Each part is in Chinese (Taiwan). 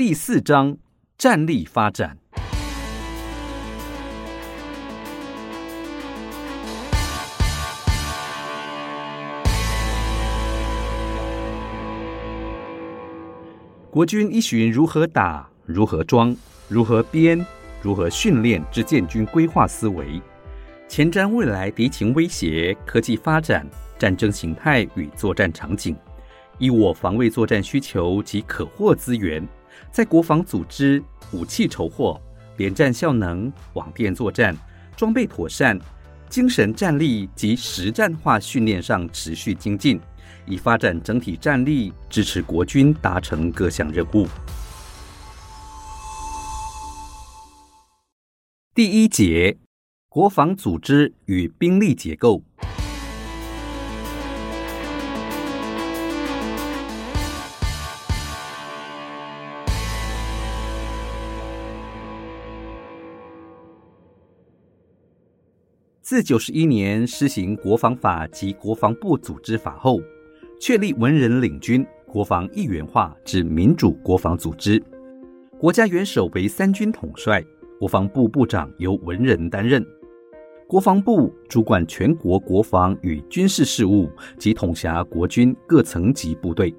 第四章戰力發展。國軍依循如何打、如何裝、如何編、如何訓練之建軍規劃思維，前瞻未來敵情威脅、科技發展、戰爭形態與作戰場景，依我防衛作戰需求及可獲資源。在國防組織、武器籌獲、聯戰效能、網電作戰、裝備妥善、精神戰力及實戰化訓練上持續精進，以發展整體戰力，支持國軍達成各項任務。第一節：國防組織與兵力結構。自九十一年施行《國防法》及《國防部組織法》後，確立文人領軍、國防一元化之民主國防組織。國家元首為三軍統帥，國防部部長由文人擔任。國防部主管全國國防與軍事事務，及統轄國軍各層級部隊。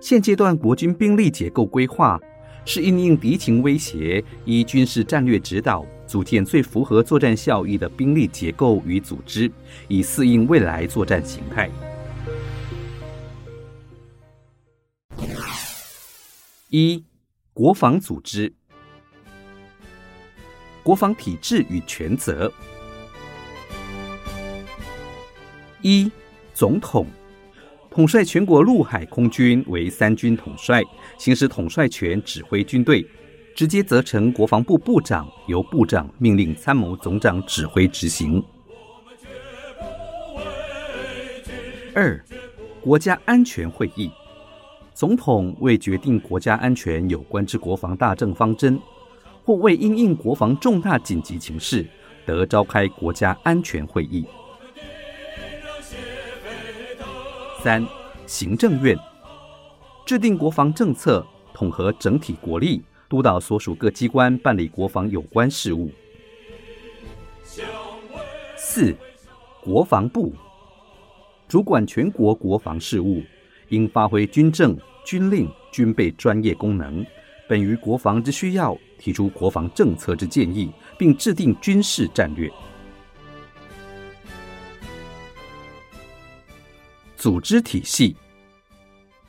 現階段國軍兵力結構規劃。是因應敵情威脅，依軍事戰略指導，組建最符合作戰效益的兵力結構與組織，以適應未來作戰形態。一、國防組織；國防體制與權責；一、總統。統帥全國陸海空軍為三軍統帥，行使統帥權，指揮軍隊；直接責成國防部部長，由部長命令參謀總長指揮執行。二，國家安全會議，總統為決定國家安全有關之國防大政方針，或為因應國防重大緊急情勢，得召開國家安全會議。三，行政院制定國防政策，統合整體國力，督導所屬各機關辦理國防有關事務。四，國防部主管全國國防事務，應發揮軍政、軍令、軍備專業功能，本於國防之需要，提出國防政策之建議，並制定軍事戰略。組織體系。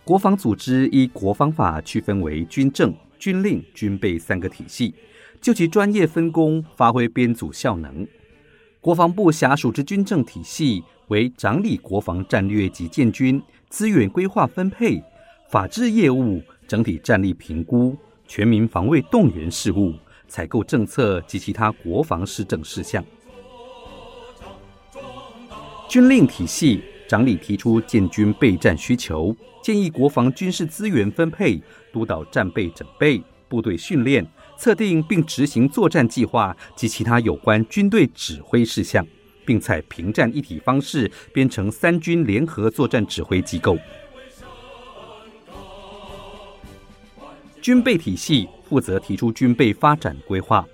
國防組織依國防法區分為軍政、軍令、軍備三個體系，就其專業分工發揮編組效能。國防部轄屬之軍政體系為掌理國防戰略及建軍資源規劃分配、法制業務、整體戰力評估、全民防衛動員事務、採購政策及其他國防施政事項。軍令體系。掌理提出建軍備戰需求，建議國防軍事資源分配，督導戰備整備，部隊訓練，策定並執行作戰計劃及其他有關軍隊指揮事項，並採平戰一體方式，編成三軍聯合作戰指揮機構。軍備體系負責提出軍備發展規劃，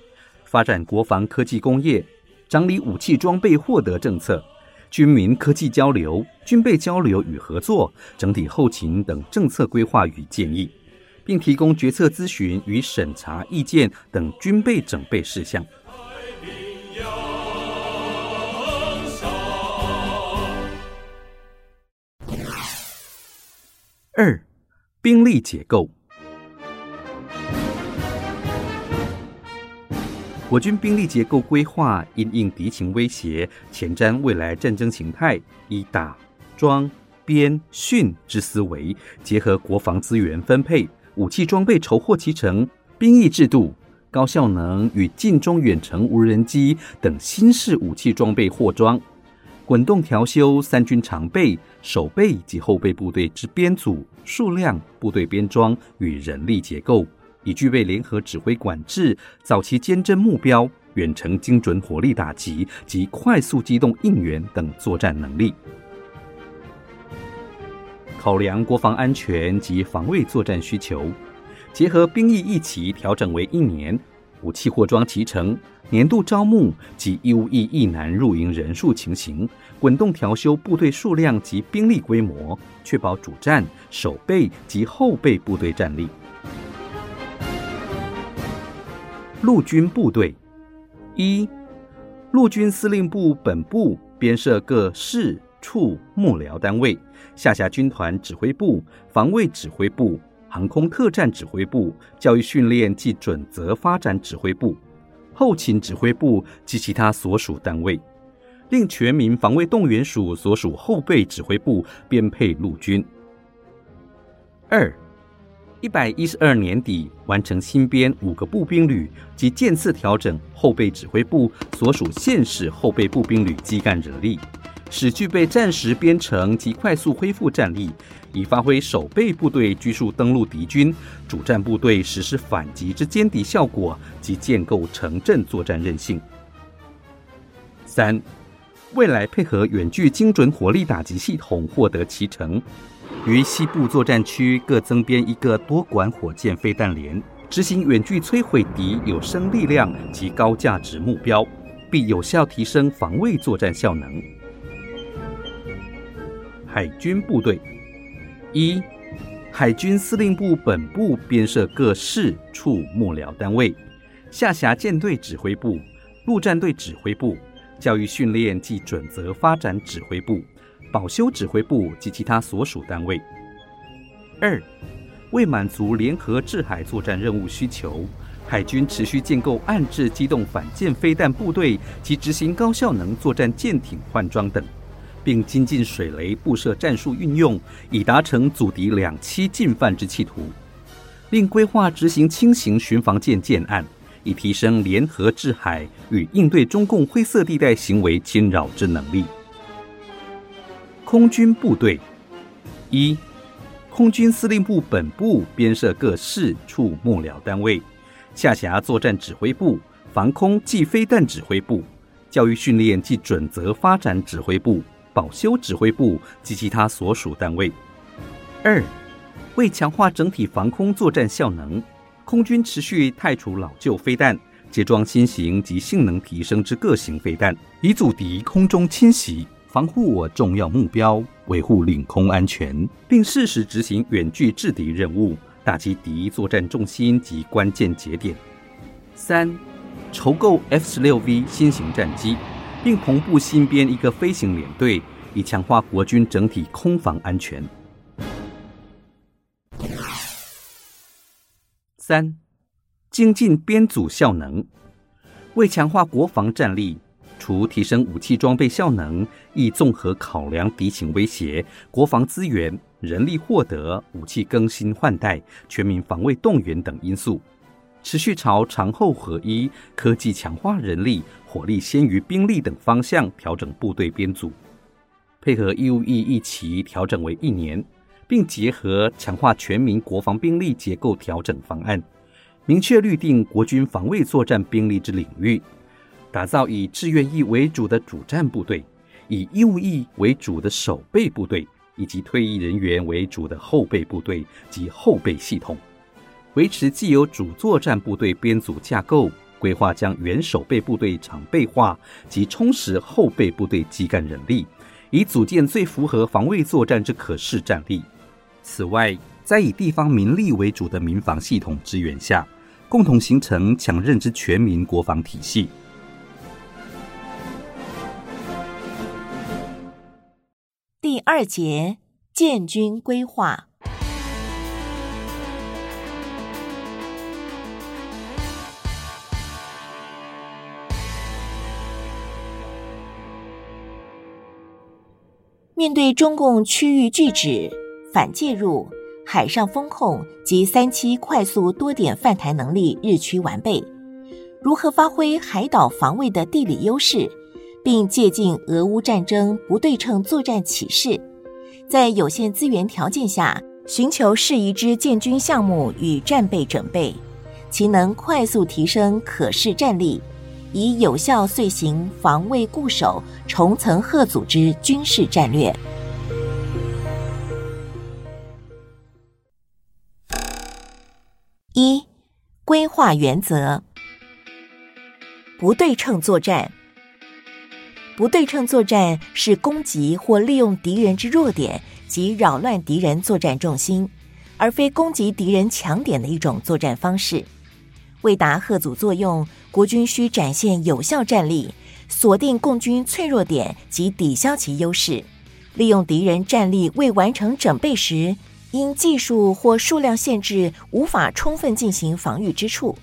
發展國防科技工業，掌理武器裝備獲得政策。軍民科技交流、軍備交流與合作、整體後勤等政策規劃與建議，並提供決策諮詢與審查意見等軍備整備事項。二、兵力結構。我軍兵力結構規劃因應敵情威脅，前瞻未來戰爭形態，以打、裝、編、訓之思維，結合國防資源分配、武器裝備籌獲、集成、兵役制度、高效能與近中遠程無人機等新式武器裝備獲裝，滾動調修三軍常備、守備及後備部隊之編組數量、部隊編裝與人力結構。已具備聯合指揮管制、早期監偵目標、遠程精準火力打擊及快速機動應援等作戰能力。考量國防安全及防衛作戰需求，結合兵役役期調整為一年。武器獲裝期程、年度招募及義務役役男入營人數情形，滾動調修部隊數量及兵力規模，確保主戰、守備及後備部隊戰力。陸軍部隊，一，陸軍司令部本部編設各室處、幕僚單位，下轄軍團指揮部、防衛指揮部、航空特戰指揮部、教育訓練及準則發展指揮部、後勤指揮部及其他所屬單位，另全民防衛動員署所屬後備指揮部編配陸軍。二、一百一十二年底完成新編五個步兵旅及漸次調整後備指揮部所屬現時後備步兵旅基幹人力，使具備戰時編成及快速恢復戰力，以發揮守備部隊拘束登陸敵軍、主戰部隊實施反擊之殲敵效果及建構城鎮作戰韌性。三、未來配合遠距精準火力打擊系統獲得其成。於西部作戰區各增編一個多管火箭飛彈連，執行遠距摧毀敵有生力量及高價值目標，俾有效提升防衛作戰效能。海軍部隊。一、海軍司令部本部編設各室處幕僚單位，下轄艦隊指揮部、陸戰隊指揮部、教育訓練及準則發展指揮部。保修指揮部及其他所屬單位。二，為滿足聯合制海作戰任務需求，海軍持續建構岸置機動反艦飛彈部隊及執行高效能作戰艦艇換裝等，並精進水雷布設戰術運用，以達成阻敵兩棲進犯之企圖。另規劃執行輕型巡防艦建案，以提升聯合制海與應對中共灰色地帶行為侵擾之能力。空軍部隊，一，空軍司令部本部編設各室處幕僚單位，下轄作戰指揮部、防空暨飛彈指揮部、教育訓練暨準則發展指揮部、保修指揮部及其他所屬單位。二，為強化整體防空作戰效能，空軍持續汰除老舊飛彈，接裝新型及性能提升之各型飛彈，以阻敵空中侵襲。防護我重要目標，維護領空安全，並適時執行遠距制敵任務，打擊敵作戰重心及關鍵節點。三，籌購 F 十六 V 新型戰機，並同步新編一個飛行聯隊，以強化國軍整體空防安全。三，精進編組效能，為強化國防戰力，除提升武器裝備效能，亦綜合考量敵情威脅、國防資源、人力獲得、武器更新換代、全民防衛動員等因素，持續朝常後合一、科技強化人力、火力先於兵力等方向調整部隊編組，配合義務役一起調整為一年，並結合強化全民國防兵力結構調整方案，明確律定國軍防衛作戰兵力之領域。打造以志願役為主的主戰部隊，以義務役為主的守備部隊，以及退役人員為主的後備部隊及後備系統，維持既有主作戰部隊編組架構，規劃將原守備部隊常備化及充實後備部隊基幹人力，以組建最符合防衛作戰之可恃戰力。此外，在以地方民力為主的民防系統支援下，共同形成強韌之全民國防體系。二節建軍規劃。面對中共區域拒止、反介入、海上封控及三棲快速多點犯臺能力日趨完備，如何發揮海島防衛的地理優勢，並借鏡俄烏戰爭不對稱作戰啟示，在有限資源條件下尋求適宜之建軍項目與戰備準備，其能快速提升可恃戰力，以有效遂行防衛固守、重層嚇阻軍事戰略。一、規劃原則：不對稱作戰。不對稱作戰是攻擊或利用敵人之弱點及擾亂敵人作戰重心，而非攻擊敵人強點的一種作戰方式。為達遏阻作用，國軍需展現有效戰力，鎖定共軍脆弱點及抵消其優勢，利用敵人戰力未完成整備時，因技術或數量限制無法充分進行防禦之處。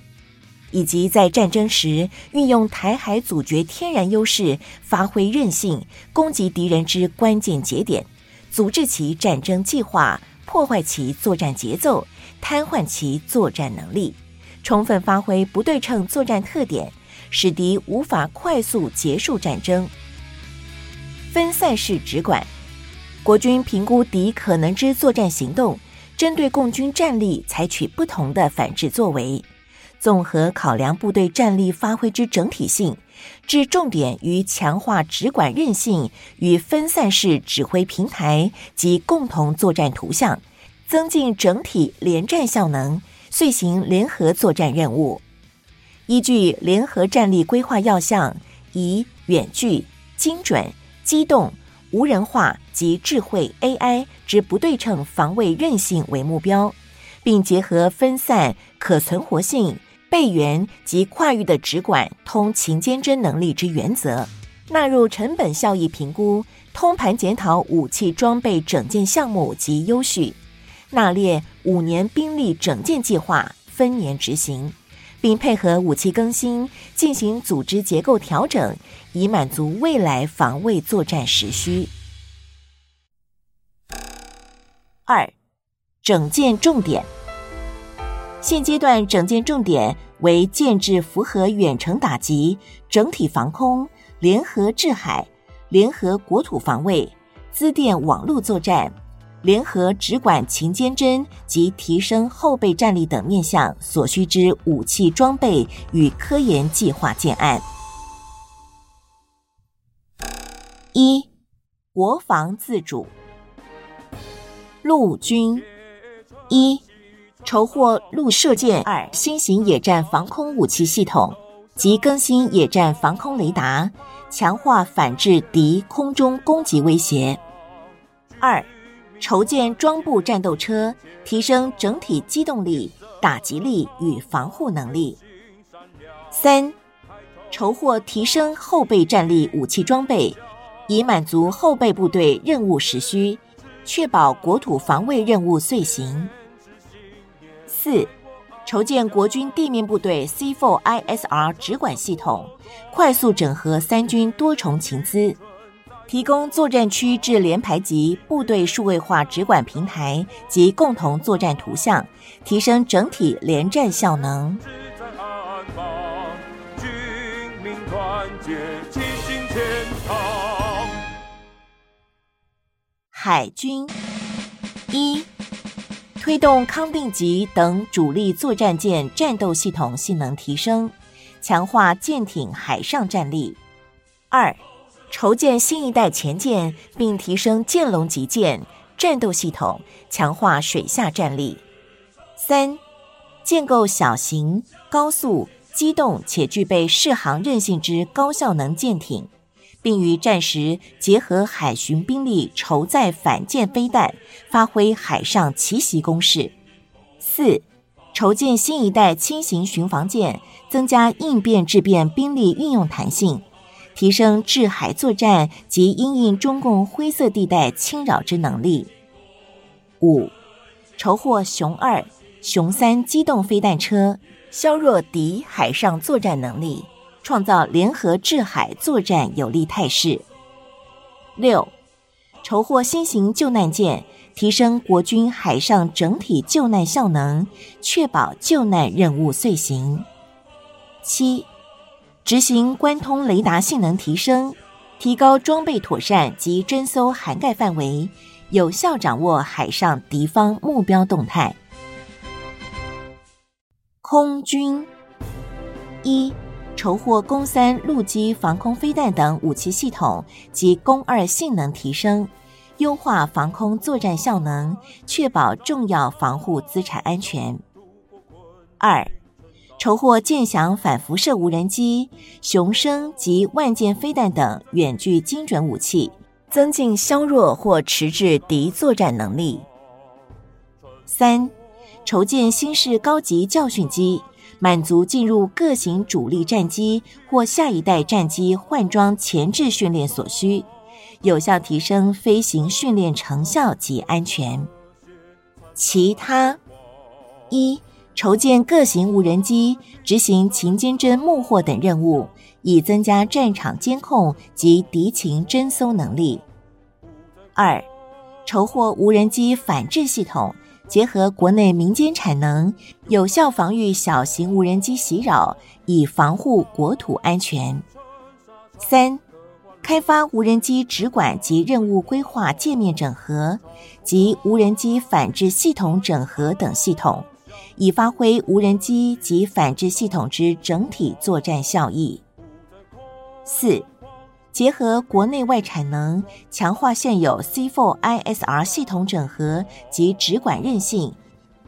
以及在戰爭時運用台海阻絕天然優勢，發揮韌性，攻擊敵人之關鍵節點，阻止其戰爭計劃，破壞其作戰節奏，癱瘓其作戰能力，充分發揮不對稱作戰特點，使敵無法快速結束戰爭。分散式指管，國軍評估敵可能之作戰行動，針對共軍戰力採取不同的反制作為。綜合考量部隊戰力發揮之整體性，置重點於強化指管韌性與分散式指揮平台及共同作戰圖像，增進整體聯戰效能，遂行聯合作戰任務。依據聯合戰力規劃要項，以遠距、精準、機動、無人化及智慧 AI 之不對稱防衛韌性為目標，並結合分散、可存活性。備援及跨域的直管、通勤兼偵能力之原則，納入成本效益評估、通盤檢討武器裝備整建項目及優序，納列五年兵力整建計劃，分年執行，並配合武器更新進行組織結構調整，以滿足未來防衛作戰時需。二，整建重點。現階段整建重點為建制符合遠程打擊、整體防空、聯合制海、聯合國土防衛、資電網絡作戰、聯合指管情監偵及提升後備戰力等面向所需之武器裝備與科研計劃建案。一，國防自主。陸軍，一。籌獲陸射劍二新型野戰防空武器系統及更新野戰防空雷達，強化反制敵空中攻擊威脅。二，籌建裝步戰鬥車，提升整體機動力、打擊力與防護能力。三，籌獲提升後備戰力武器裝備，以滿足後備部隊任務時需，確保國土防衛任務遂行。四，籌建國軍地面部隊 C4ISR 指管系統，快速整合三軍多重情資，提供作戰區至連排級部隊數位化指管平台及共同作戰圖像，提升整體聯戰效能。海軍一。推動康定級等主力作戰艦戰鬥系統性能提升，強化艦艇海上戰力；二，籌建新一代潛艦，並提升劍龍級艦戰鬥系統，強化水下戰力；三，建構小型、高速、機動且具備適航韌性之高效能艦艇。並於戰時結合海巡兵力籌載反艦飛彈，發揮海上奇襲攻勢。四，籌建新一代輕型巡防艦，增加應變制變兵力運用彈性，提升制海作戰及因應中共灰色地帶侵擾之能力。五，籌獲“雄二”“雄三”機動飛彈車，削弱敵海上作戰能力。創造聯合制海作戰有利態勢。六，籌獲新型救難艦，提升國軍海上整體救難效能，確保救難任務遂行。七，執行關通雷達性能提升，提高裝備妥善及偵搜涵蓋範圍，有效掌握海上敵方目標動態。空軍一。1. 籌獲“弓三”陸基防空飛彈等武器系統及“弓二”性能提升，優化防空作戰效能，確保重要防護資產安全。二，籌獲“劍翔”反輻射無人機、“雄升”及“萬箭”飛彈等遠距精準武器，增進削弱或遲滯敵作戰能力。三，籌建新式高級教訓機。滿足進入各型主力戰機或下一代戰機換裝前置訓練所需，有效提升飛行訓練成效及安全。其他：一、籌建各型無人機執行情監偵、目獲等任務，以增加戰場監控及敵情偵搜能力；二、籌獲無人機反制系統。結合國內民間產能，有效防禦小型無人機襲擾，以防護國土安全。三、開發無人機指管及任務規劃界面整合及無人機反制系統整合等系統，以發揮無人機及反制系統之整體作戰效益。四、結合國內外產能，強化現有 C4ISR 系統整合及指管韌性，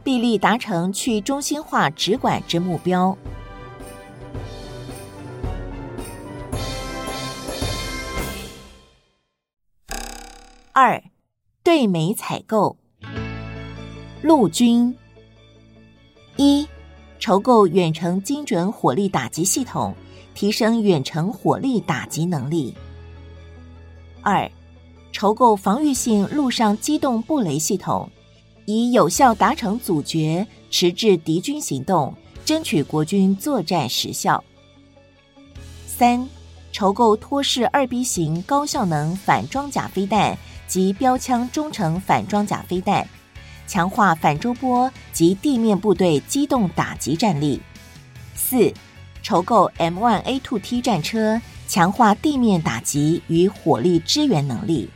俾利達成去中心化指管之目標。二，對美採購。陸軍。一，籌購遠程精準火力打擊系統。提升遠程火力打擊能力。二，籌購防禦性陸上機動布雷系統，以有效達成阻絕、遲滯敵軍行動，爭取國軍作戰時效。三，籌購托式二 B 型高效能反裝甲飛彈及標槍中程反裝甲飛彈，強化反舟波及地面部隊機動打擊戰力。四。籌購 M1A2T 戰車，強化地面打擊與火力支援能力；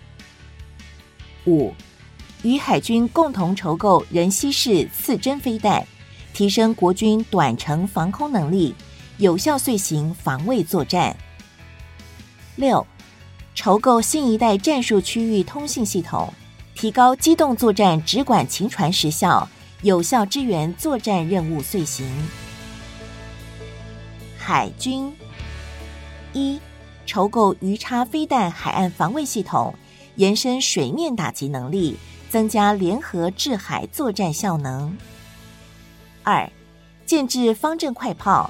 五，與海軍共同籌購人攜式刺針飛彈，提升國軍短程防空能力，有效遂行防衛作戰；六，籌購新一代戰術區域通信系統，提高機動作戰指管情傳時效，有效支援作戰任務遂行。海軍一，1. 籌購魚叉飛彈海岸防衛系統，延伸水面打擊能力，增加聯合制海作戰效能。二，建制方陣快炮，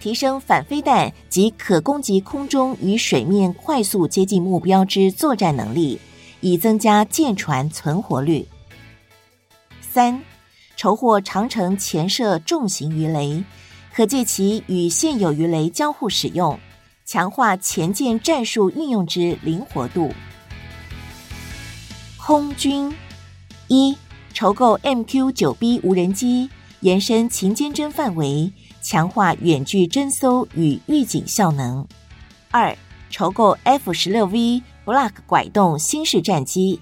提升反飛彈及可攻擊空中與水面快速接近目標之作戰能力，以增加艦船，船存活率。三，籌獲長城潛射重型魚雷。可借其與現有魚雷交互使用，強化潛艦戰術運用之靈活度。空軍一，籌購 MQ 九 B 無人機，延伸情監偵範圍，強化遠距偵搜與預警效能。二，籌購 F 十六 V Block 拐洞新式戰機。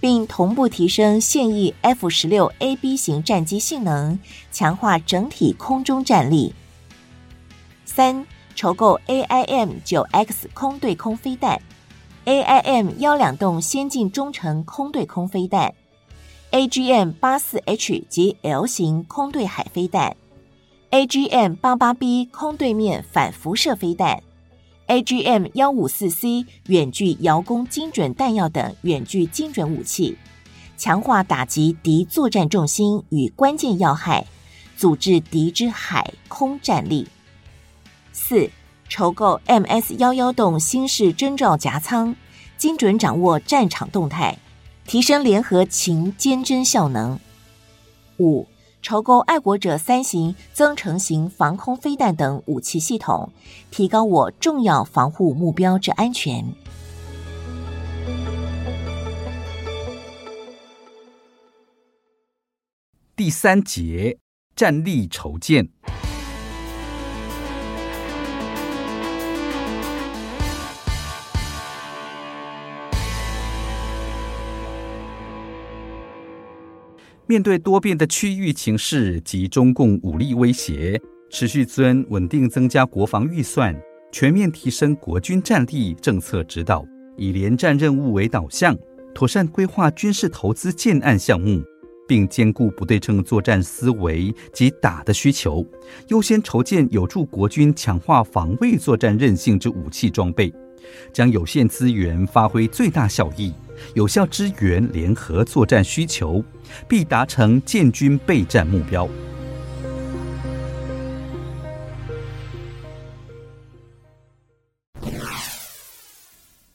並同步提升現役 F 十六 AB 型戰機性能，強化整體空中戰力。三，籌購 AIM 九 X 空對空飛彈，AIM 幺兩洞先進中程空對空飛彈，AGM 八四 H 及 L 型空對海飛彈，AGM 八八 B 空對面反輻射飛彈。AGM 幺五四 C 遠距遙攻精準彈藥等遠距精準武器，強化打擊敵作戰重心與關鍵要害，阻滯敵之海空戰力。四，籌購 MS 幺幺洞新式偵照夾艙，精準掌握戰場動態，提升聯合情監偵效能。五。籌購愛國者三型增程型防空飛彈等武器系統，提高我重要防護目標之安全。第三節，戰力籌建。面對多變的區域情勢及中共武力威脅，持續增穩定增加國防預算，全面提升國軍戰力政策指導，以聯戰任務為導向，妥善規劃軍事投資建案項目，並兼顧不對稱作戰思維及打的需求，優先籌建有助國軍強化防衛作戰韌性之武器裝備。將有限資源發揮最大效益，有效支援聯合作戰需求，並達成建軍備戰目標。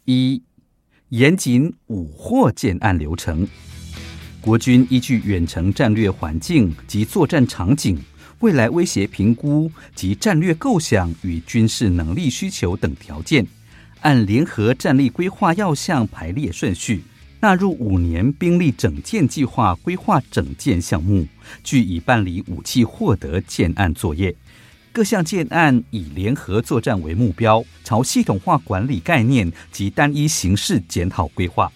一、嚴謹武獲建案流程。國軍依據遠程戰略環境及作戰場景、未來威脅評估及戰略構想與軍事能力需求等條件。按聯合戰力規劃要項排列順序，納入五年兵力整建計劃規劃整建項目，據以辦理武器獲得建案作業，各項建案以聯合作戰為目標，朝系統化管理概念及單一形式檢討規劃，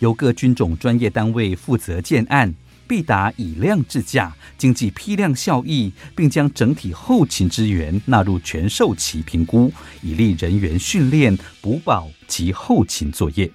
由各軍種專業單位負責建案。必達以量制價，經濟批量效益，並將整體後勤資源納入全壽期評估，以利人員訓練、補保及後勤作業。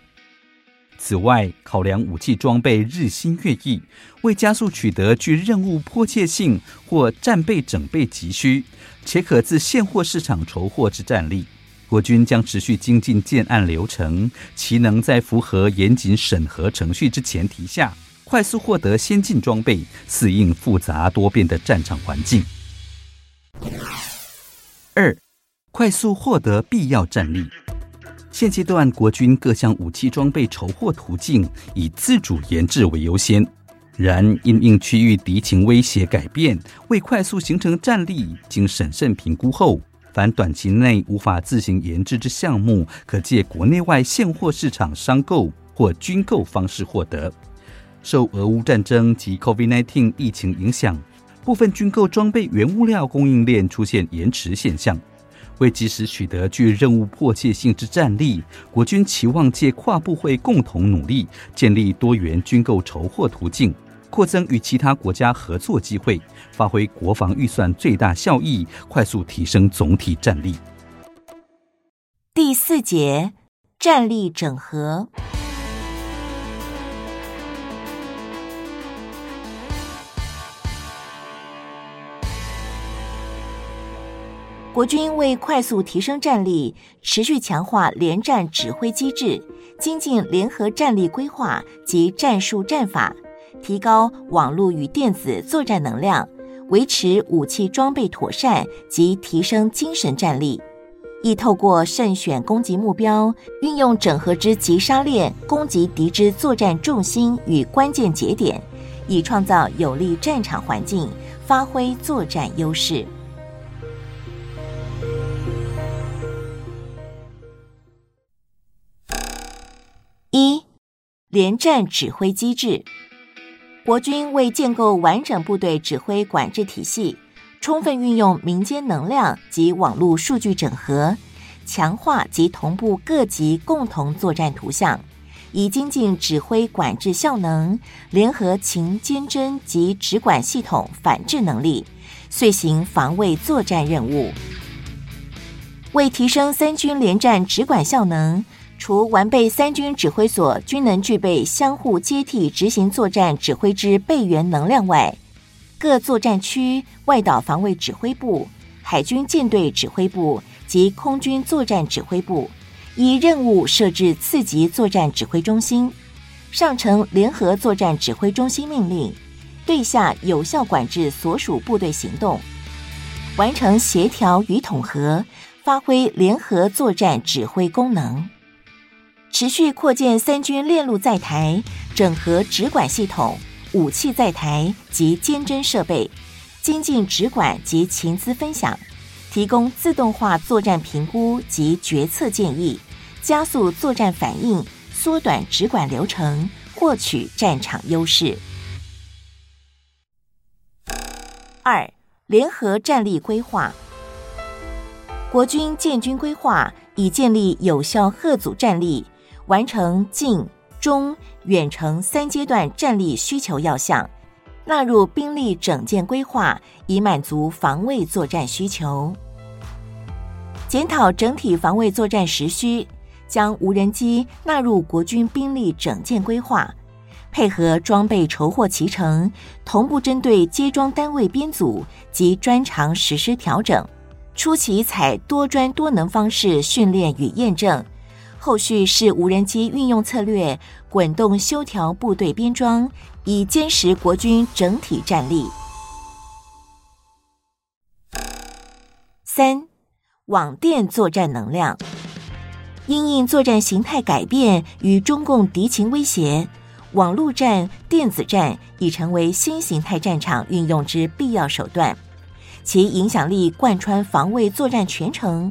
此外，考量武器裝備日新月異，為加速取得具任務迫切性或戰備整備急需，且可自現貨市場籌獲之戰力，國軍將持續精進建案流程，其能在符合嚴謹審核程序之前提下。快速獲得先進裝備，適應複雜多變的戰場環境。二、快速獲得必要戰力。現階段，國軍各項武器裝備籌獲途徑以自主研制為優先，然因應區域敵情威脅改變，為快速形成戰力，經審慎評估後，凡短期內無法自行研制之項目，可借國內外現貨市場商購或軍購方式獲得。受俄烏戰爭及 COVID-19 疫情影響，部分軍購裝備原物料供應鏈出現延遲現象。為及時取得具任務迫切性之戰力，國軍期望借跨部會共同努力，建立多元軍購籌籌獲途徑，擴增與其他國家合作機會，發揮國防預算最大效益，快速提升總體戰力。第四節戰力整合。國軍為快速提升戰力，持續強化聯戰指揮機制，精進聯合戰力規劃及戰術戰法，提高網絡與電子作戰能量，維持武器裝備妥善及提升精神戰力。亦透過慎選攻擊目標，運用整合之擊殺鏈，攻擊敵之作戰重心與關鍵節點，以創造有利戰場環境，發揮作戰優勢。聯戰指揮機制，國軍為建構完整部隊指揮管制體系，充分運用民間能量及網絡數據整合，強化及同步各級共同作戰圖像，以精進指揮管制效能，聯合情監偵及指管系統反制能力，遂行防衛作戰任務。為提升三軍聯戰指管效能，除完備三軍指揮所均能具備相互接替執行作戰指揮之備援能量外，各作戰區外島防衛指揮部、海軍艦隊指揮部及空軍作戰指揮部，依任務設置次級作戰指揮中心，上承聯合作戰指揮中心命令，對下有效管制所屬部隊行動，完成協調與統合，發揮聯合作戰指揮功能。持續擴建三軍鏈路載台，整合指管系統、武器載台及監偵設備，精進指管及情資分享，提供自動化作戰評估及決策建議，加速作戰反應，縮短指管流程，獲取戰場優勢。二、聯合戰力規劃，國軍建軍規劃以建立有效嚇阻戰力。完成近、中、遠程三階段戰力需求要項，納入兵力整建規劃，以滿足防衛作戰需求。檢討整體防衛作戰實需，將無人機納入國軍兵力整建規劃，配合裝備籌獲期程，同步針對接裝單位編組及專長實施調整，初期採多專多能方式訓練與驗證。後續是無人機運用策略，滾動修調部隊編裝，以堅實國軍整體戰力。三、網電作戰能量，因應作戰形態改變與中共敵情威脅，網路戰、電子戰已成為新形態戰場運用之必要手段，其影響力貫穿防衛作戰全程。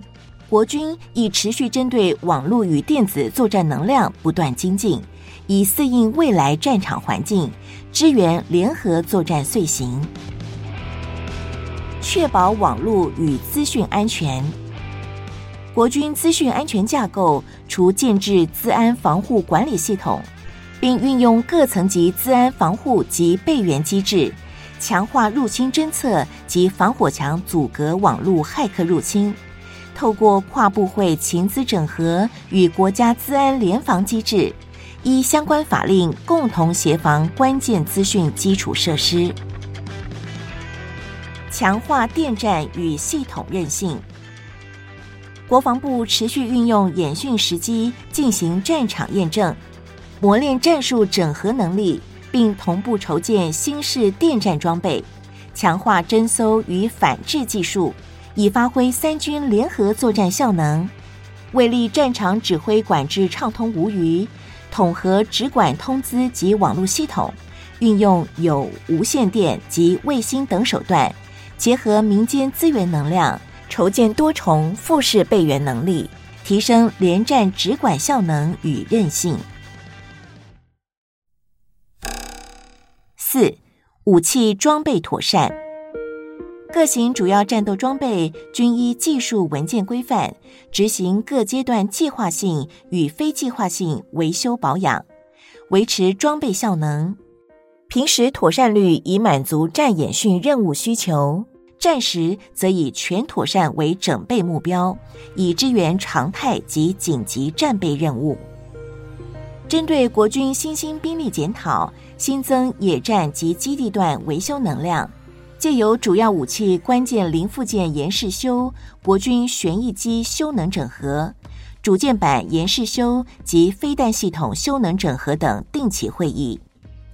國軍已持續針對網絡與電子作戰能量不斷精進，以適應未來戰場環境，支援聯合作戰遂行，確保網絡與資訊安全。國軍資訊安全架構除建置資安防護管理系統，並運用各層級資安防護及備援機制，強化入侵偵偵測及防火牆阻隔網絡網絡駭客入侵。透過跨部會情資整合與國家資安聯防機制，依相關法令共同協防關鍵資訊基礎設施，強化電戰與系統韌性。國防部持續運用演訓時機進行戰場驗證，磨練戰術整合能力，並同步籌建新式電戰裝備，強化偵搜與反制技術。以發揮三軍聯合作戰效能。為利戰場指揮管制暢通無虞，統合指管通資及網絡系統，運用有無線電及衛星等手段，結合民間資源能量，籌建多重複式備援能力，提升聯戰指管效能與韌性。四，武器裝備妥善。各型主要戰鬥裝備均依技術文件規範執行各階段計劃性與非計劃性維修保養，維持裝備效能。平時妥善率以滿足戰演訓任務需求，戰時則以全妥善為整備目標，以支援常態及緊急戰備任務。針對國軍新興兵力檢討，新增野戰及基地段維修能量。借由主要武器關鍵零附件研試修、國軍旋翼機修能整合、主艦板研試修及飛彈系統修能整合等定期會議，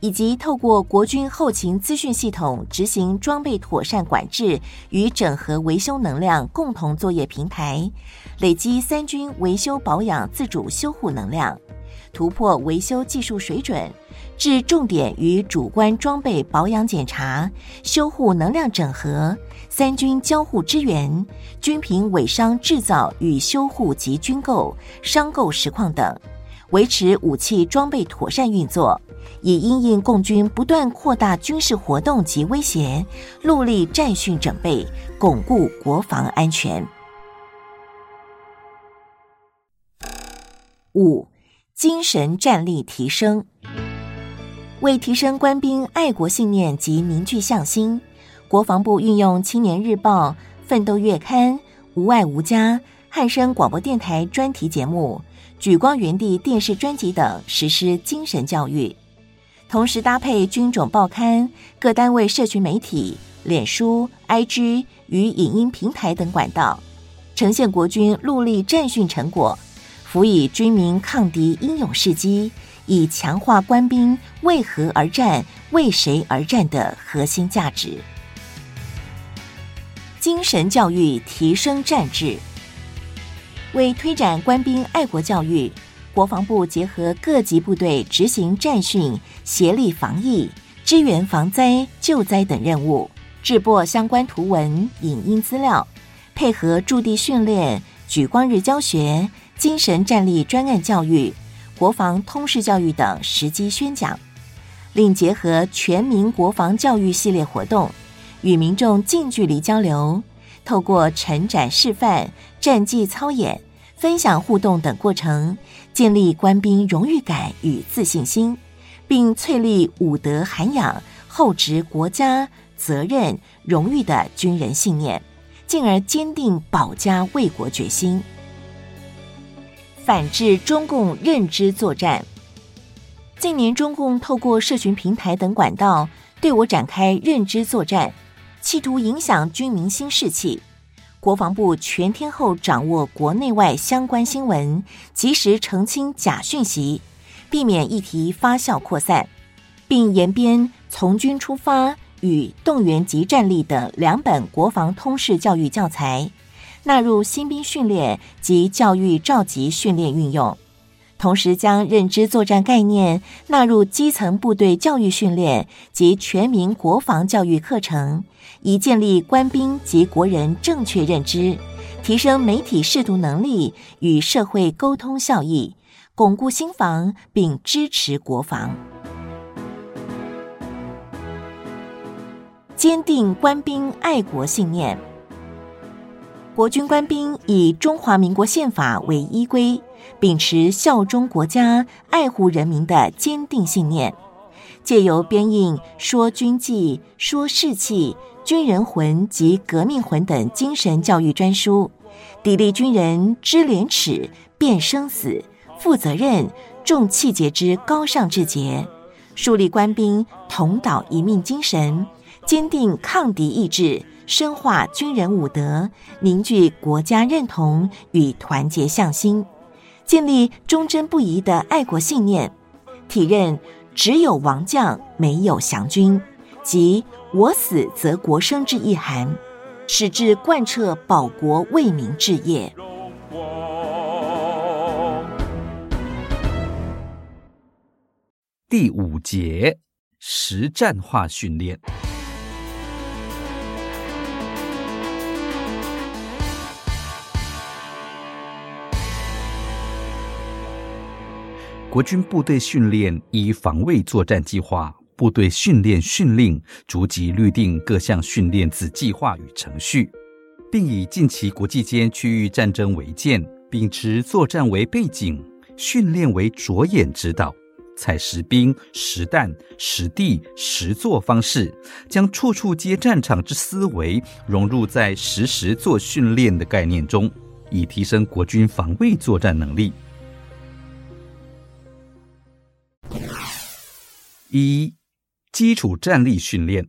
以及透過國軍後勤資訊系統執行裝備妥善管制與整合維修能量共同作業平台，累積三軍維修保養自主修護能量，突破維修技術水準。致重點於主官裝備保養檢查、修護、能量整合、三軍交互支援、軍品委商製造與修護及軍購、商購實況等，維持武器裝備妥善運作，以因應共軍不斷擴大軍事活動及威脅，戮力戰訓整備，鞏固國防安全。五、精神戰力提升。為提升官兵愛國信念及凝聚向心，國防部運用《青年日報》《奮鬥月刊》《吾愛吾家》漢聲廣播電臺專題節目、莒光園地電視專輯等實施精神教育，同時搭配軍種報刊、各單位社群媒體、臉書、IG 與影音平台等管道，呈現國軍戮力戰訓成果，輔以軍民抗敵英勇事蹟。以強化官兵為何而戰、為誰而戰的核心價值，精神教育提升戰志。為推展官兵愛國教育，國防部結合各級部隊執行戰訓、協力防疫、支援防災救災等任務，制播相關圖文、影音資料，配合駐地訓練、莒光日教學、精神戰力專案教育。國防通識教育等時機宣講，另結合全民國防教育系列活動，與民眾近距離交流，透過陳展示範、戰技操演、分享互動等過程，建立官兵榮譽感與自信心，並淬礪武德涵養、厚植國家責任、榮譽的軍人信念，進而堅定保家衛國決心。反制中共認知作戰。近年，中共透過社群平台等管道對我展開認知作戰，企圖影響軍民心士氣。國防部全天候掌握國內外相關新聞，及時澄清假訊息，避免議題發酵擴散，並研編《從軍出發》與《動員及戰力》等兩本國防通識教育教材。納入新兵訓練及教育召集訓練運用，同時將認知作戰概念納入基層部隊教育訓練及全民國防教育課程，以建立官兵及國人正確認知，提升媒體識讀能力與社會溝通效益，鞏固心防並支持國防，堅定官兵愛國信念。國軍官兵以中華民國憲法為依歸，秉持效忠國家、愛護人民的堅定信念，借由編印《說軍紀》《說士氣》《軍人魂》及《革命魂》等精神教育專書，砥礪軍人知廉恥、辨生死、負責任、重氣節之高尚志節，樹立官兵同島一命精神，堅定抗敵意志。深化軍人武德，凝聚國家認同與團結向心，建立忠貞不移的愛國信念，體認只有亡將沒有降軍，即我死則國生之意涵，矢志貫徹保國為民之志業。第五節：實戰化訓練。國軍部隊訓練以防衛作戰計劃，部隊訓練訓令逐級律定各項訓練子計劃與程序，並以近期國際間區域戰爭為鑑，秉持作戰為背景、訓練為着眼指導，採實兵、實彈、實地、實作方式，將處處皆戰場之思維融入在實時做訓練的概念中，以提升國軍防衛作戰能力。一、基礎戰力訓練。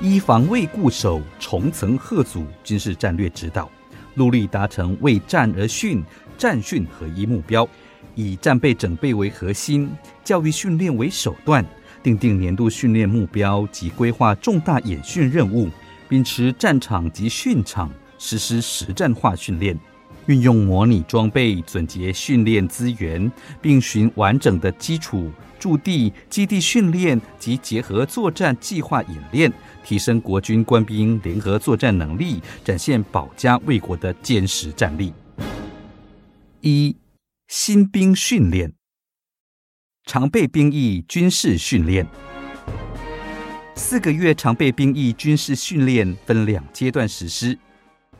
依防衛固守、重層嚇阻軍事戰略指導，戮力達成為戰而訓、戰訓合一目標，以戰備整備為核心，教育訓練為手段，訂定年度訓練目標及規劃重大演訓任務，秉持戰場及訓場實施實戰化訓練。運用模擬裝備撙節訓練資源，並循完整的基礎駐地基地訓練及結合作戰計劃演練，提升國軍官兵聯合作戰能力，展現保家衛國的堅實戰力。一、新兵訓練、常備兵役軍事訓練四個月，常備兵役軍事訓練分兩階段實施。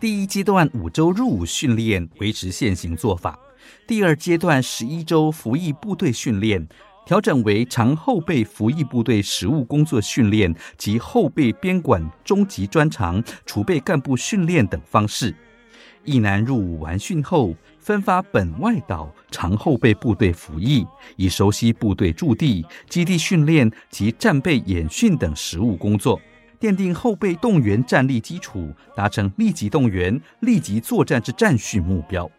第一階段五周入伍訓練維持現行做法，第二階段十一周服役部隊訓練調整為常後備服役部隊實務工作訓練及後備編管中級專長儲備幹部訓練等方式。役男入伍完訓後，分發本外島常後備部隊服役，以熟悉部隊駐地、基地訓練及戰備演訓等實務工作。奠定後備動員戰力基礎，達成立即動員、立即作戰之戰訓目標。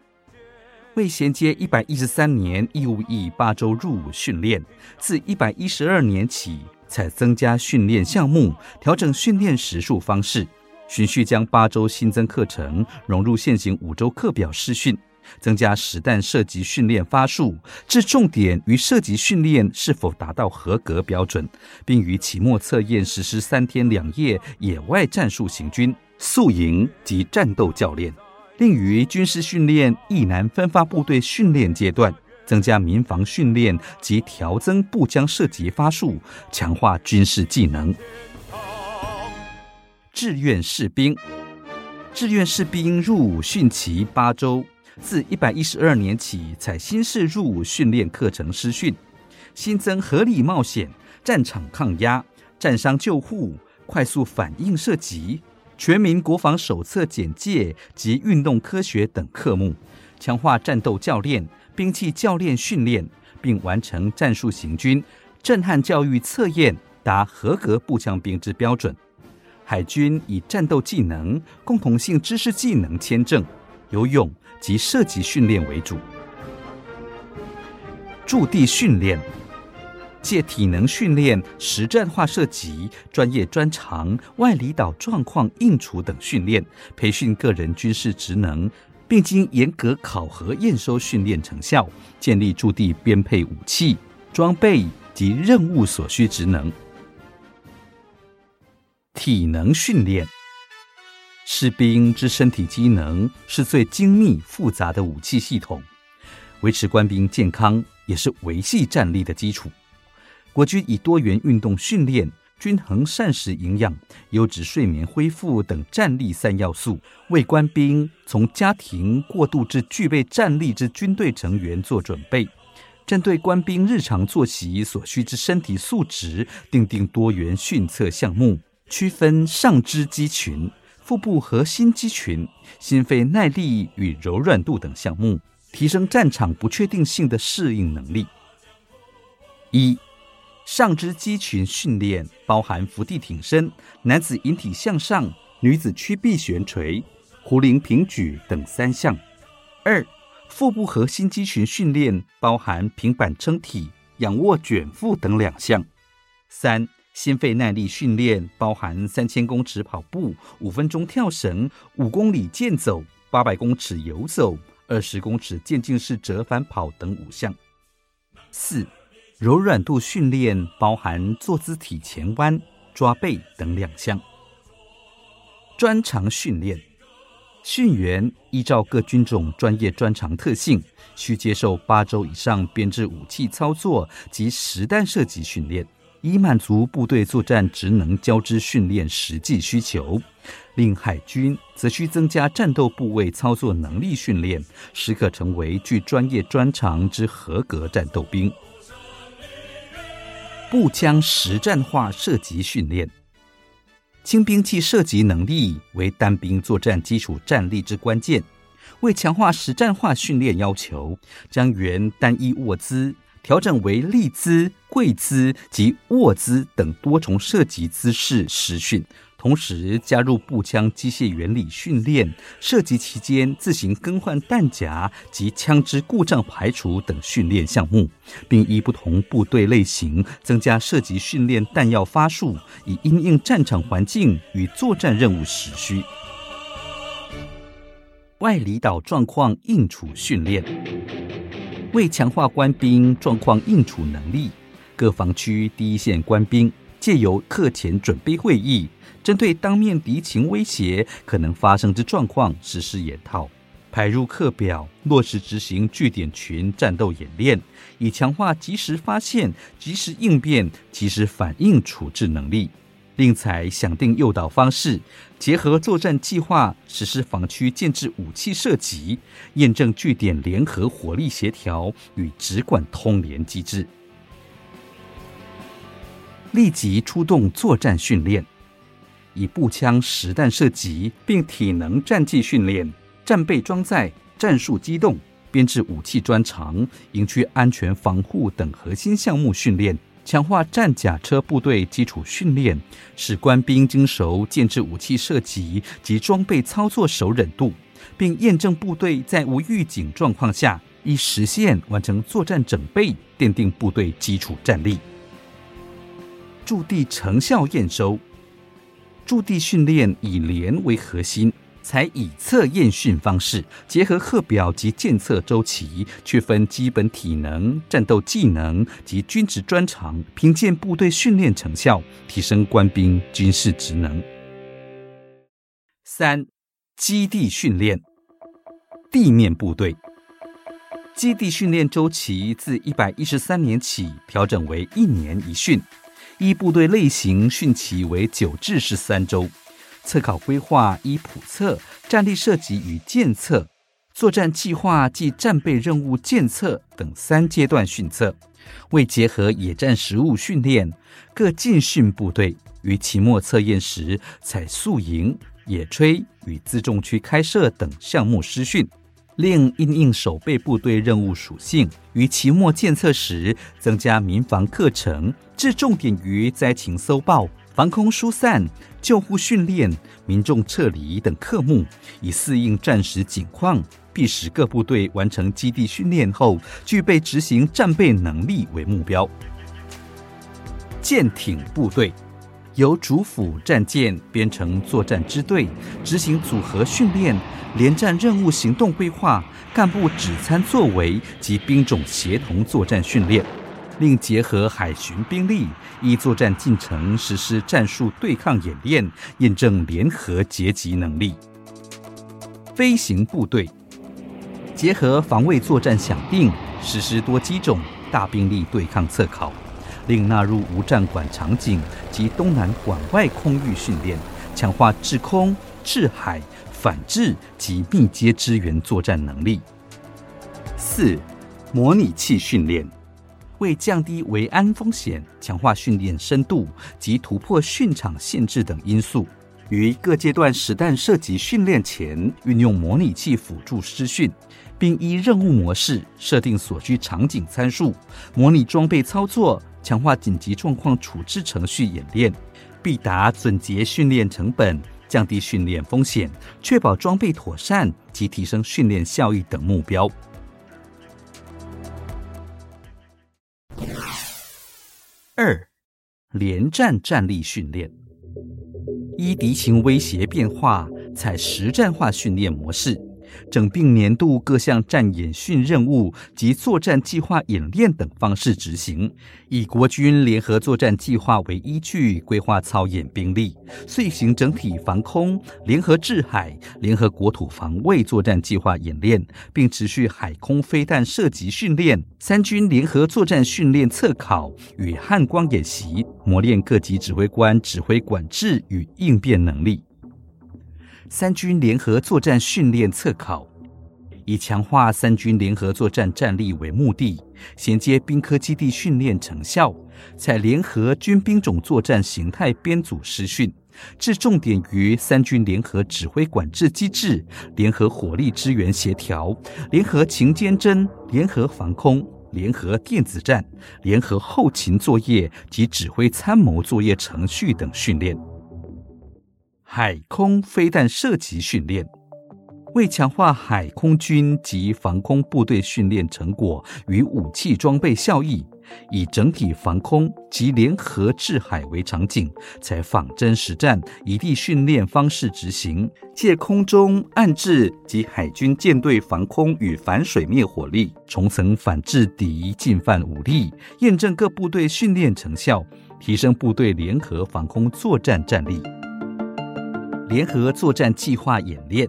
為銜接一百一十三年義務役八週入伍訓練，自一百一十二年起，才增加訓練項目，調整訓練時數方式，循序將八週新增課程融入現行五週課表試訓。增加實彈射擊訓練發數，置重點於射擊訓練是否達到合格標準，並於期末測驗實施三天兩夜野外戰術行軍、宿營及戰鬥教練。另於軍事訓練役男分發部隊訓練階段，增加民防訓練及調增步槍射擊發數，強化軍事技能。志願士兵，志願士兵入伍訓期八周。1> 自112年起，採新式入伍訓練課程施訓，新增合理冒險、戰場抗壓、戰傷救護、快速反應射擊、全民國防手冊簡介及運動科學等課目，強化戰鬥教練、兵器教練訓練，並完成戰術行軍、震撼教育測驗，達合格步槍兵之標準。海軍以戰鬥技能、共同性知識技能簽證、游泳。及射擊訓練為主，駐地訓練借體能訓練、實戰化射擊、專業專長、外離島狀況應處等訓練，培訓個人軍事職能，並經嚴格考核驗收訓練成效，建立駐地編配武器裝備及任務所需職能。體能訓練。士兵之身體機能，是最精密複雜的武器系統，維持官兵健康也是維繫戰力的基礎。國軍以多元運動訓練、均衡膳食營養、優質睡眠恢復等戰力三要素，為官兵從家庭過渡至具備戰力之軍隊成員做準備。針對官兵日常作息所需之身體素質，訂定多元訓測項目，區分上肢肌群，腹部核心肌群、心肺耐力與柔軟度等項目，提升戰場不確定性的適應能力。一、上肢肌群訓練包含伏地挺身、男子引體向上、女子屈臂懸垂、壺鈴平舉等三項。二、腹部核心肌群訓練包含平板撐體、仰臥捲腹等兩項。三、心肺耐力訓練包含三千公尺跑步、五分鐘跳繩、五公里健走、八百公尺游走、二十公尺漸進式折返跑等五項。四、柔軟度訓練包含坐姿體前彎、抓背等兩項。專長訓練。訓員依照各軍種專業專長特性，需接受八周以上編製武器操作及實彈射擊訓練。以滿足部隊作戰職能交織訓練實際需求，令海軍則需增加戰鬥部位操作能力訓練，時刻成為具專業專長之合格戰鬥兵。步槍實戰化射擊訓練，輕兵器射擊能力為單兵作戰基礎戰力之關鍵。為強化實戰化訓練要求，將原單一臥姿。調整為立姿、跪姿及臥姿等多重射擊姿勢實訓，同時加入步槍機械原理訓練、射擊期間自行更換彈夾及槍支故障排除等訓練項目，並依不同部隊類型增加射擊訓練彈藥發數，以因應戰場環境與作戰任務所需。外離島狀況應處訓練，為強化官兵狀況應處能力，各防區第一線官兵借由課前準備會議，針對當面敵情威脅可能發生之狀況實施演討，排入課表落實執行據點群戰鬥演練，以強化及時發現、及時應變、及時反應處置能力。另採想定誘導方式，結合作戰計劃實施防區建制武器射擊，驗證據點聯合火力協調與直管通聯機制。立即出動作戰訓練，以步槍實彈射擊，並體能戰技訓練、戰備裝載、戰術機動、編制武器專長、營區安全防護等核心項目訓練。強化戰甲車部隊基礎訓練，使官兵精熟建制武器射擊及裝備操作熟稔度，並驗證部隊在無預警狀況下，以實現完成作戰整備，奠定部隊基礎戰力。駐地成效驗收，駐地訓練以連為核心。採以測驗訓方式，結合課表及檢測週期，區分基本體能、戰鬥技能及軍事專長，憑借部隊訓練成效，提升官兵軍事職能。三、基地訓練，地面部隊基地訓練週期自一百一十三年起調整為一年一訓，依部隊類型訓期為九至十三週。測考規劃依普測、戰力設計與建測、作戰計劃暨戰備任務建測等三階段訓測，為結合野戰實務訓練，各進訓部隊於期末測驗時採宿營、野炊與自重區開設等項目施訓，另因應守備部隊任務屬性於期末建測時增加民防課程，置重點於災情搜報。防空疏散、救護訓練、民眾撤離等科目，以適應戰時景況，必使各部隊完成基地訓練後，具備執行戰備能力為目標。艦艇部隊由主輔戰艦編成作戰支隊，執行組合訓練、聯戰任務行動規劃、幹部指參作為及兵種協同作戰訓練。另結合海巡兵力，依作戰進程實施戰術對抗演練，驗證聯合截擊能力；飛行部隊結合防衛作戰想定，實施多機種大兵力對抗測考，另納入無戰管場景及東南管外空域訓練，強化制空、制海、反制及密接支援作戰能力。四、模擬器訓練。為降低維安風險、強化訓練深度及突破訓場限制等因素，於各階段實彈射擊訓練前，運用模擬器輔助施訓，並依任務模式設定所需場景參數，模擬裝備操作，強化緊急狀況處置程序演練，必達撙節訓練成本、降低訓練風險、確保裝備妥善及提升訓練效益等目標。聯戰戰力訓練，依敵情威脅變化，採實戰化訓練模式。整併年度各項戰演訓任務及作戰計劃演練等方式執行，以國軍聯合作戰計劃為依據規劃操演兵力，遂行整體防空、聯合制海、聯合國土防衛作戰計劃演練，並持續海空飛彈射擊訓練、三軍聯合作戰訓練測考與漢光演習，磨練各級指揮官指揮管制與應變能力。三軍聯合作戰訓練測考，以強化三軍聯合作戰戰力為目的，銜接兵科基地訓練成效，採聯合軍兵種作戰形態編組施訓，置重點於三軍聯合指揮管制機制、聯合火力支援協調、聯合情監偵、聯合防空、聯合電子戰、聯合後勤作業及指揮參謀作業程序等訓練。海空飛彈射擊訓練，為強化海空軍及防空部隊訓練成果與武器裝備效益，以整體防空及聯合制海為場景，採仿真實戰一地訓練方式執行，借空中暗制及海軍艦隊防空與反水面火力，重層反制敵進犯武力，驗證各部隊訓練成效，提升部隊聯合防空作戰戰力。聯合作戰計劃演練，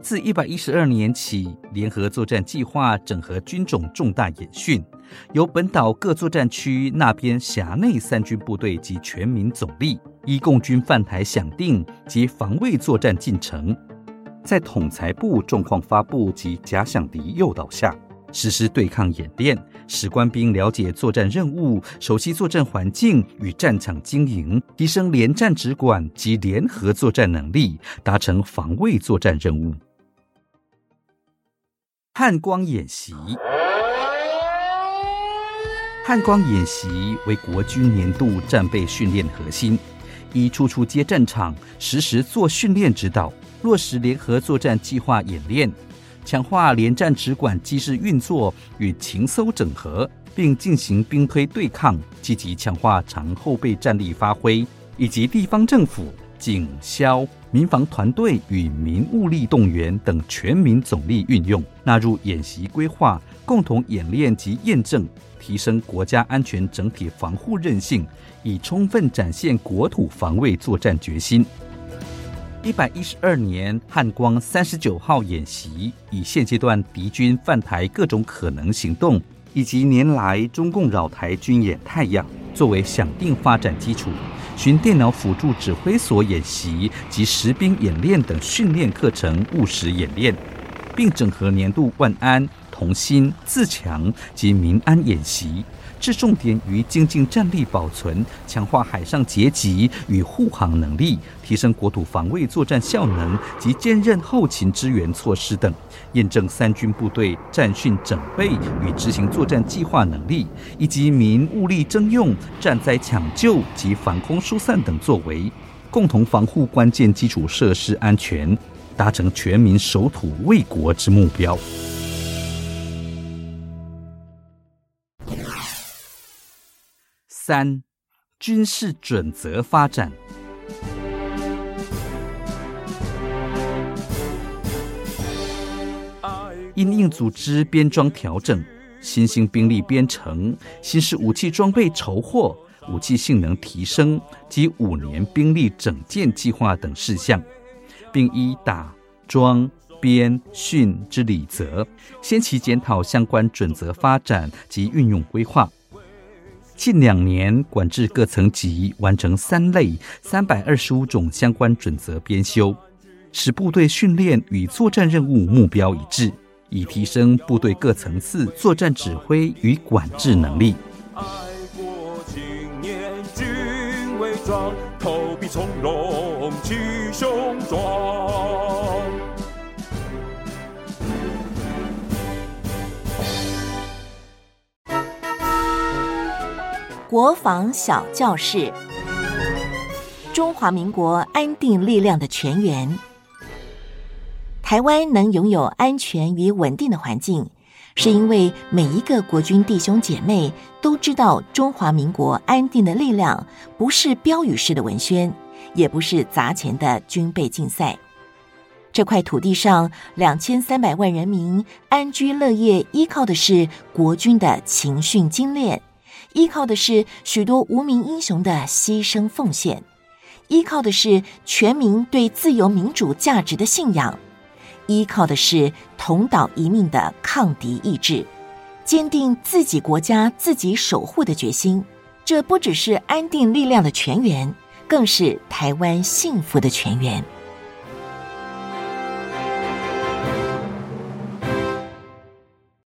自一百一十二年起，聯合作戰計劃整合軍種重大演訓，由本島各作戰區那邊轄內三軍部隊及全民總力，依共軍犯台想定及防衛作戰進程，在統裁部狀況發布及假想敵誘導下，實施對抗演練。使官兵了解作戰任務，熟悉作戰環境與戰場經營，提升聯戰指管及聯合作戰能力，達成防衛作戰任務。漢光演習，漢光演習為國軍年度戰備訓練核心，以處處接戰場，時時做訓練指導，落實聯合作戰計劃演練。強化聯戰指揮機制運作與情搜整合，並進行兵推對抗，積極強化常後備戰力發揮，以及地方政府、警消、民防團隊與民物力動員等全民總力運用，納入演習規劃，共同演練及驗證，提升國家安全整體防護韌性，以充分展現國土防衛作戰決心。一百一十二年漢光三十九號演習，以現階段敵軍犯台各種可能行動，以及年來中共擾台軍演態樣，作為想定發展基礎，循電腦輔助指揮所演習及實兵演練等訓練課程務實演練，並整合年度萬安同心自強及民安演習。置重點於精進戰力保存、強化海上截擊與護航能力、提升國土防衛作戰效能及堅韌後勤支援措施等，驗證三軍部隊戰訓整備與執行作戰計劃能力，以及民物力徵用、戰災搶救及防空疏散等作為，共同防護關鍵基礎設施安全，達成全民守土衛國之目標。三、軍事準則發展，因應組織編裝調整、新興兵力編成、新式武器裝備籌獲、武器性能提升及五年兵力整建計劃等事項，並依打、裝、編、訓之理則，先期檢討相關準則發展及運用規劃。近兩年，管制各層級完成三類三百二十五種相關準則編修，使部隊訓練與作戰任務目標一致，以提升部隊各層次作戰指揮與管制能力。愛國青年軍國防小教室，中華民國安定力量的泉源。台灣能擁有安全與穩定的環境，是因為每一個國軍弟兄姐妹都知道，中華民國安定的力量不是標語式的文宣，也不是砸錢的軍備競賽。這塊土地上，兩千三百萬人民安居樂業，依靠的是國軍的勤訓精練。依靠的是許多無名英雄的犧牲奉獻，依靠的是全民對自由民主價值的信仰，依靠的是同島一命的抗敵意志，堅定自己國家自己守護的決心。這不只是安定力量的泉源，更是台灣幸福的泉源。